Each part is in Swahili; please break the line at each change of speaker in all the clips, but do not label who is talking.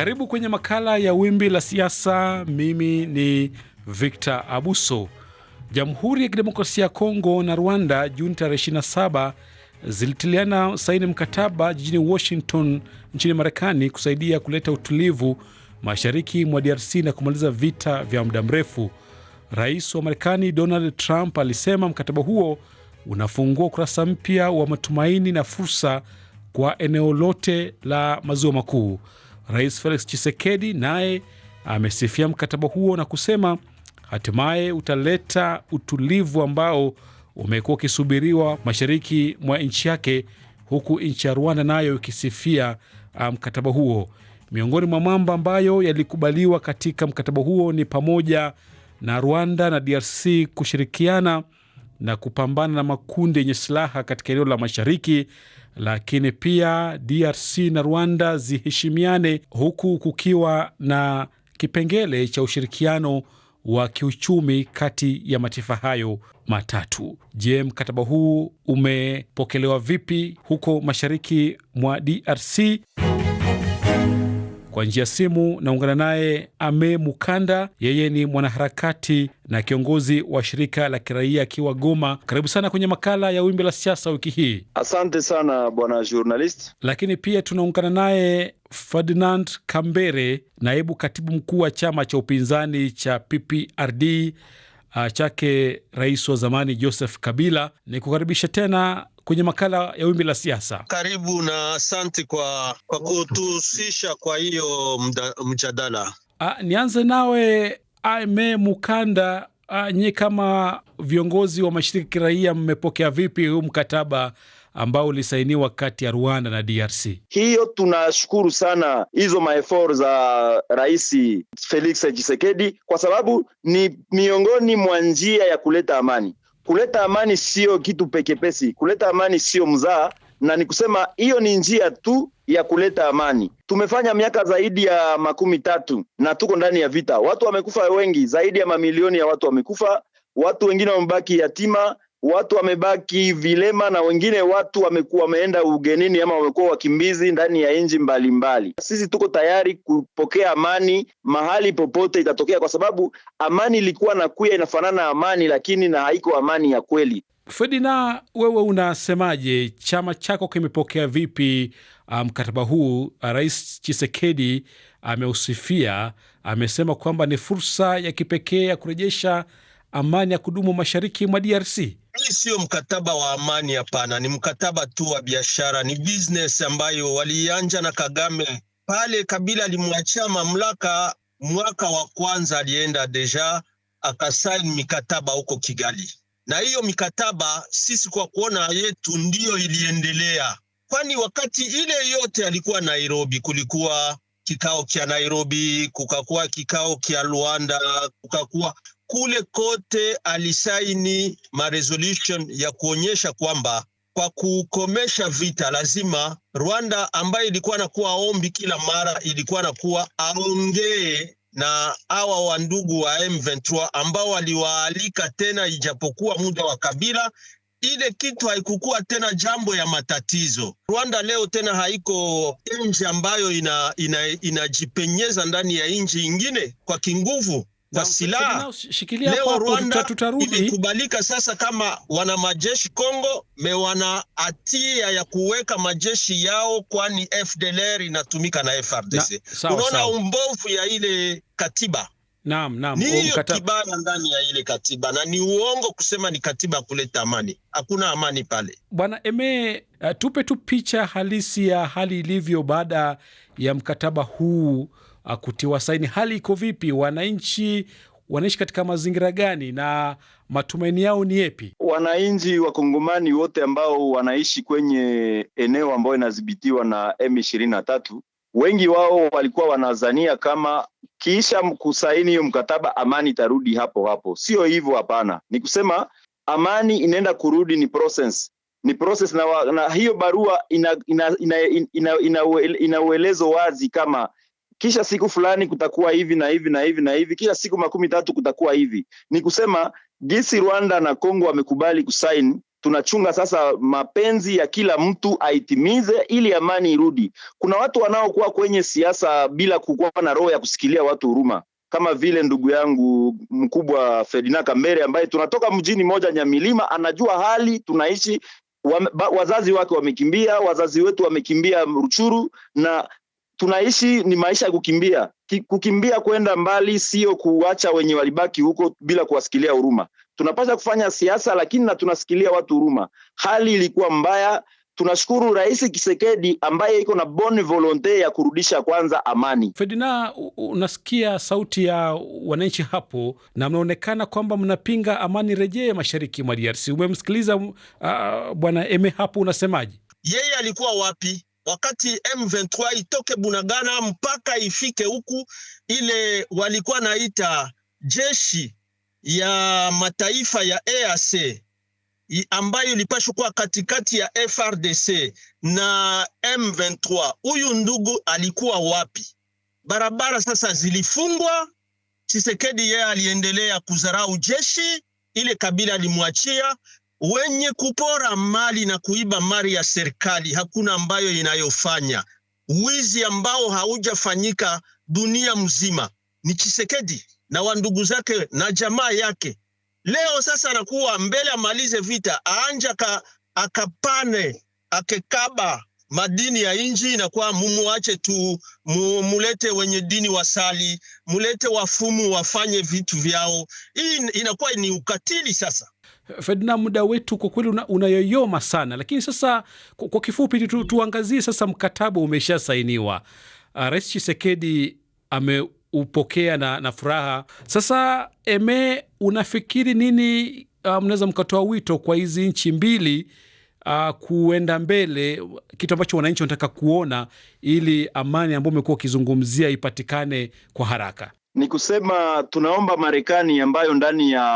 Karibu kwenye makala ya Wimbi la Siasa. Mimi ni Victor Abuso. Jamhuri ya Kidemokrasia ya Kongo na Rwanda Juni tarehe 27 zilitiliana saini mkataba jijini Washington nchini Marekani kusaidia kuleta utulivu mashariki mwa DRC na kumaliza vita vya muda mrefu. Rais wa Marekani Donald Trump alisema mkataba huo unafungua ukurasa mpya wa matumaini na fursa kwa eneo lote la maziwa makuu. Rais Felix chisekedi naye amesifia mkataba huo na kusema hatimaye utaleta utulivu ambao umekuwa ukisubiriwa mashariki mwa nchi yake, huku nchi ya Rwanda nayo ikisifia uh, mkataba huo. Miongoni mwa mambo ambayo yalikubaliwa katika mkataba huo ni pamoja na Rwanda na DRC kushirikiana na kupambana na makundi yenye silaha katika eneo la mashariki, lakini pia DRC na Rwanda ziheshimiane, huku kukiwa na kipengele cha ushirikiano wa kiuchumi kati ya mataifa hayo matatu. Je, mkataba huu umepokelewa vipi huko mashariki mwa DRC? kwa njia ya simu. Naungana naye Ame Mukanda, yeye ni mwanaharakati na kiongozi wa shirika la kiraia akiwa Goma. Karibu sana kwenye makala ya Wimbi la Siasa wiki hii. Asante sana bwana journalist.
Lakini pia tunaungana naye Ferdinand Kambere, naibu katibu mkuu wa chama cha upinzani cha PPRD ah, chake rais wa zamani Joseph Kabila. Ni kukaribisha tena kwenye makala ya wimbi la siasa.
Karibu na asante kwa, kwa kutuhusisha kwa hiyo mjadala.
nianze nawe Aime Mukanda. A, nye kama viongozi wa mashirika ya kiraia mmepokea vipi huu mkataba ambao ulisainiwa kati ya Rwanda na DRC.
Hiyo tunashukuru sana hizo maefort za Rais Felix Tshisekedi kwa sababu ni miongoni mwa njia ya kuleta amani. Kuleta amani sio kitu pekepesi, kuleta amani sio mzaa, na ni kusema hiyo ni njia tu ya kuleta amani. Tumefanya miaka zaidi ya makumi tatu na tuko ndani ya vita, watu wamekufa wengi, zaidi ya mamilioni ya watu wamekufa, watu wengine wamebaki yatima watu wamebaki vilema na wengine watu wamekuwa wameenda ugenini ama wamekuwa wakimbizi ndani ya nchi mbalimbali. Sisi tuko tayari kupokea amani mahali popote itatokea, kwa sababu amani ilikuwa na kuya inafanana amani, lakini na haiko amani ya kweli.
fedina wewe unasemaje? Chama chako kimepokea vipi ah, mkataba um, huu? Ah, Rais chisekedi ameusifia, amesema kwamba ni fursa ya kipekee ya kurejesha amani ya kudumu mashariki mwa DRC.
Hii siyo mkataba wa amani, hapana. Ni mkataba tu wa biashara, ni business ambayo walianja na Kagame pale Kabila alimwachia mamlaka. Mwaka wa kwanza alienda deja akasain mikataba huko Kigali, na hiyo mikataba sisi kwa kuona yetu ndiyo iliendelea, kwani wakati ile yote alikuwa Nairobi, kulikuwa kikao kya Nairobi, kukakuwa kikao kya Luanda, kukakuwa kule kote alisaini maresolution ya kuonyesha kwamba kwa kukomesha vita lazima Rwanda ambayo ilikuwa nakuwa ombi kila mara, ilikuwa nakuwa aongee na hawa wandugu wa M23 ambao waliwaalika tena, ijapokuwa muda wa Kabila ile kitu haikukuwa tena jambo ya matatizo. Rwanda leo tena haiko nchi ambayo ina, ina, inajipenyeza ndani ya nchi ingine kwa kinguvu kwa silaha.
Leo Rwanda
imekubalika sasa kama wana majeshi Kongo, mewana hatia ya kuweka majeshi yao, kwani FDLR inatumika na FRDC. Unaona umbovu ya ile katiba. Naam, naam. Niyo mkata... kibana ndani ya ile katiba na ni uongo kusema ni katiba kuleta amani. Hakuna amani pale.
Bwana Eme, eh, tupe tu picha halisi ya hali ilivyo baada ya mkataba huu Uh, kutiwa saini. Hali iko vipi? Wananchi wanaishi katika mazingira gani na matumaini yao ni yepi?
Wananchi wakongomani wote ambao wanaishi kwenye eneo ambayo inadhibitiwa na M ishirini na tatu wengi wao walikuwa wanazania kama kisha kusaini hiyo mkataba amani itarudi hapo hapo. Sio hivyo, hapana. Ni kusema amani inaenda kurudi, ni process, ni process na, wa, na hiyo barua ina, ina, ina, ina, ina, ina, ina uelezo wazi kama kisha siku fulani kutakuwa hivi na hivi na hivi na hivi, kisha siku makumi tatu kutakuwa hivi. Ni kusema jinsi Rwanda na congo wamekubali kusaini tunachunga sasa mapenzi ya kila mtu aitimize ili amani irudi. Kuna watu wanaokuwa kwenye siasa bila kukuwa na roho ya kusikilia watu huruma, kama vile ndugu yangu mkubwa Ferdinand Kambere ambaye tunatoka mjini moja Nyamilima, anajua hali tunaishi. Wazazi wake wamekimbia, wazazi wetu wamekimbia Ruchuru, na tunaishi ni maisha ya kukimbia. Kukimbia kwenda mbali, sio kuacha wenye walibaki huko bila kuwasikilia huruma. Tunapaswa kufanya siasa, lakini na tunasikilia watu huruma. Hali ilikuwa mbaya. Tunashukuru Rais Kisekedi ambaye iko na bonne volonte ya kurudisha kwanza amani.
fedina unasikia sauti ya wananchi hapo na mnaonekana kwamba mnapinga amani rejee mashariki mwa DRC. Umemsikiliza uh, bwana Eme hapo, unasemaje?
Yeye alikuwa wapi wakati M23 itoke Bunagana mpaka ifike huku, ile walikuwa naita jeshi ya mataifa ya EAC ambayo ilipashwa kuwa katikati ya FRDC na M23. Huyu ndugu alikuwa wapi? Barabara sasa zilifungwa. Chisekedi yeye aliendelea kuzarau jeshi ile, Kabila alimwachia wenye kupora mali na kuiba mali ya serikali, hakuna ambayo inayofanya wizi ambao haujafanyika dunia mzima ni Chisekedi na wandugu zake na jamaa yake. Leo sasa anakuwa mbele, amalize vita, aanja ka, akapane akekaba madini ya inji, inakuwa mumuache tu mu, mulete wenye dini wasali, mulete wafumu wafanye vitu vyao. Hii inakuwa ni ukatili sasa
Ferdinand, muda wetu kwa kweli unayoyoma una sana, lakini sasa kwa, kwa kifupi tu, tuangazie sasa, mkataba umeshasainiwa. Uh, Rais chisekedi ameupokea na, na furaha. Sasa eme, unafikiri nini uh, mnaweza mkatoa wito kwa hizi nchi mbili uh, kuenda mbele, kitu ambacho wananchi wanataka kuona ili amani ambayo umekuwa ukizungumzia ipatikane kwa haraka?
Ni kusema tunaomba Marekani ambayo ndani ya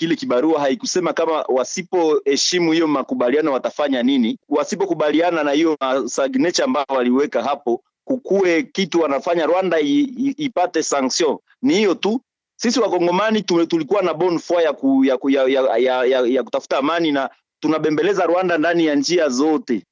kile kibarua haikusema kama wasipoheshimu hiyo makubaliano watafanya nini, wasipokubaliana na hiyo signature ambayo waliweka hapo, kukue kitu wanafanya Rwanda i, i, ipate sanction. Ni hiyo tu. Sisi wakongomani tulikuwa na bonne ya, ku, ya, ya, ya, ya, ya, ya kutafuta amani na tunabembeleza Rwanda ndani ya njia zote.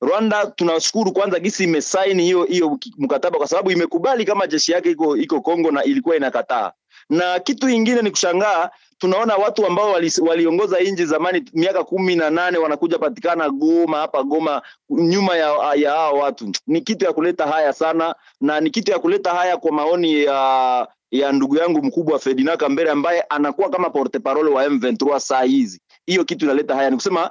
Rwanda tunashukuru kwanza gisi imesaini hiyo hiyo mkataba, kwa sababu imekubali kama jeshi yake iko iko Kongo na ilikuwa inakataa na kitu ingine ni kushangaa tunaona watu ambao waliongoza wali, waliongoza nchi zamani miaka kumi na nane wanakuja patikana Goma hapa Goma nyuma ya hao watu. Ni kitu ya kuleta haya sana, na ni kitu ya kuleta haya kwa maoni ya ya ndugu yangu mkubwa Fedina Kambere ambaye anakuwa kama porte parole wa M23 saa hizi. Hiyo kitu inaleta haya, ni kusema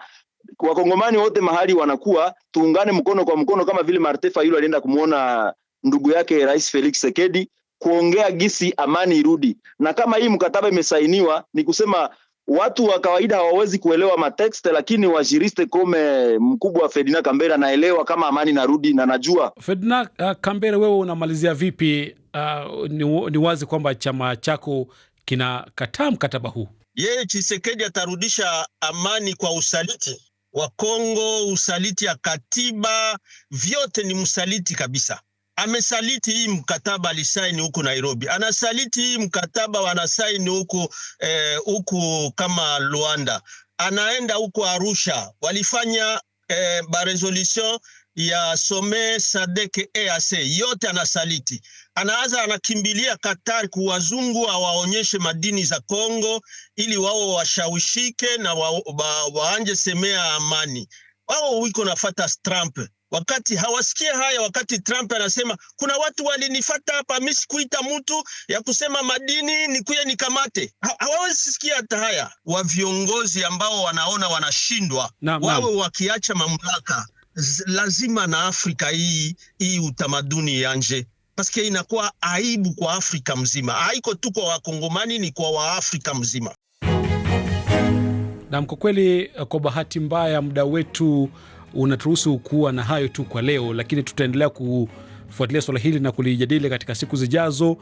wakongomani wote mahali wanakuwa, tuungane mkono kwa mkono, kama vile Martefa yule alienda kumwona ndugu yake Rais Felix Sekedi kuongea gisi amani irudi, na kama hii mkataba imesainiwa ni kusema watu wa kawaida hawawezi kuelewa matext lakini wajiriste kome mkubwa wa fedina Kambere anaelewa kama amani narudi, na najua
fedina uh, Kambere, wewe unamalizia vipi? Uh, ni, ni wazi kwamba chama chako kinakataa mkataba huu.
Yeye Chisekedi atarudisha amani kwa usaliti wa Kongo, usaliti ya katiba, vyote ni msaliti kabisa amesaliti hii mkataba alisaini huku Nairobi, anasaliti hii mkataba wanasaini huku eh, huku kama Luanda, anaenda huku Arusha, walifanya eh, resolution ya some Sadeke EAC yote anasaliti. Anaanza anakimbilia Qatar kuwazungu awaonyeshe madini za Kongo ili wao washawishike na wa, wa, waanje semea amani. Wao wiko nafata Trump wakati hawasikia haya, wakati Trump anasema kuna watu walinifata hapa, mi sikuita mtu ya kusema madini nikuye nikamate. hawawezi sikia hata haya. Wa viongozi ambao wanaona wanashindwa wawe wakiacha mamlaka lazima, na Afrika hii hii utamaduni yanje paske inakuwa aibu kwa Afrika mzima, haiko tu kwa Wakongomani, ni kwa Waafrika mzima.
Nam, kwa kweli, kwa bahati mbaya muda wetu unaturuhusu kuwa na hayo tu kwa leo, lakini tutaendelea kufuatilia swala hili na kulijadili katika siku zijazo.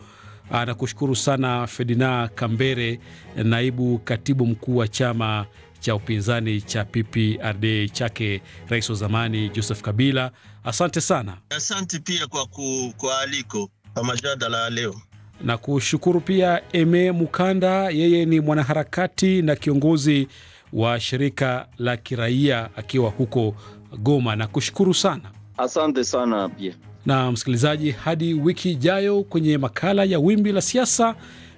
Ah, kushukuru sana fedina Kambere, naibu katibu mkuu wa chama cha upinzani cha PPRD chake rais wa zamani Joseph Kabila. Asante sana.
Asante pia kwa, ku, kwa aliko kwa majadala ya leo.
Na kushukuru pia Eme Mukanda, yeye ni mwanaharakati na kiongozi wa shirika la kiraia akiwa huko Goma na kushukuru sana.
Asante sana pia
na msikilizaji, hadi wiki ijayo kwenye makala ya Wimbi la Siasa.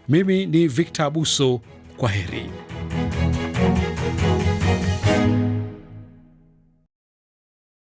Mimi ni Victor Abuso, kwa heri.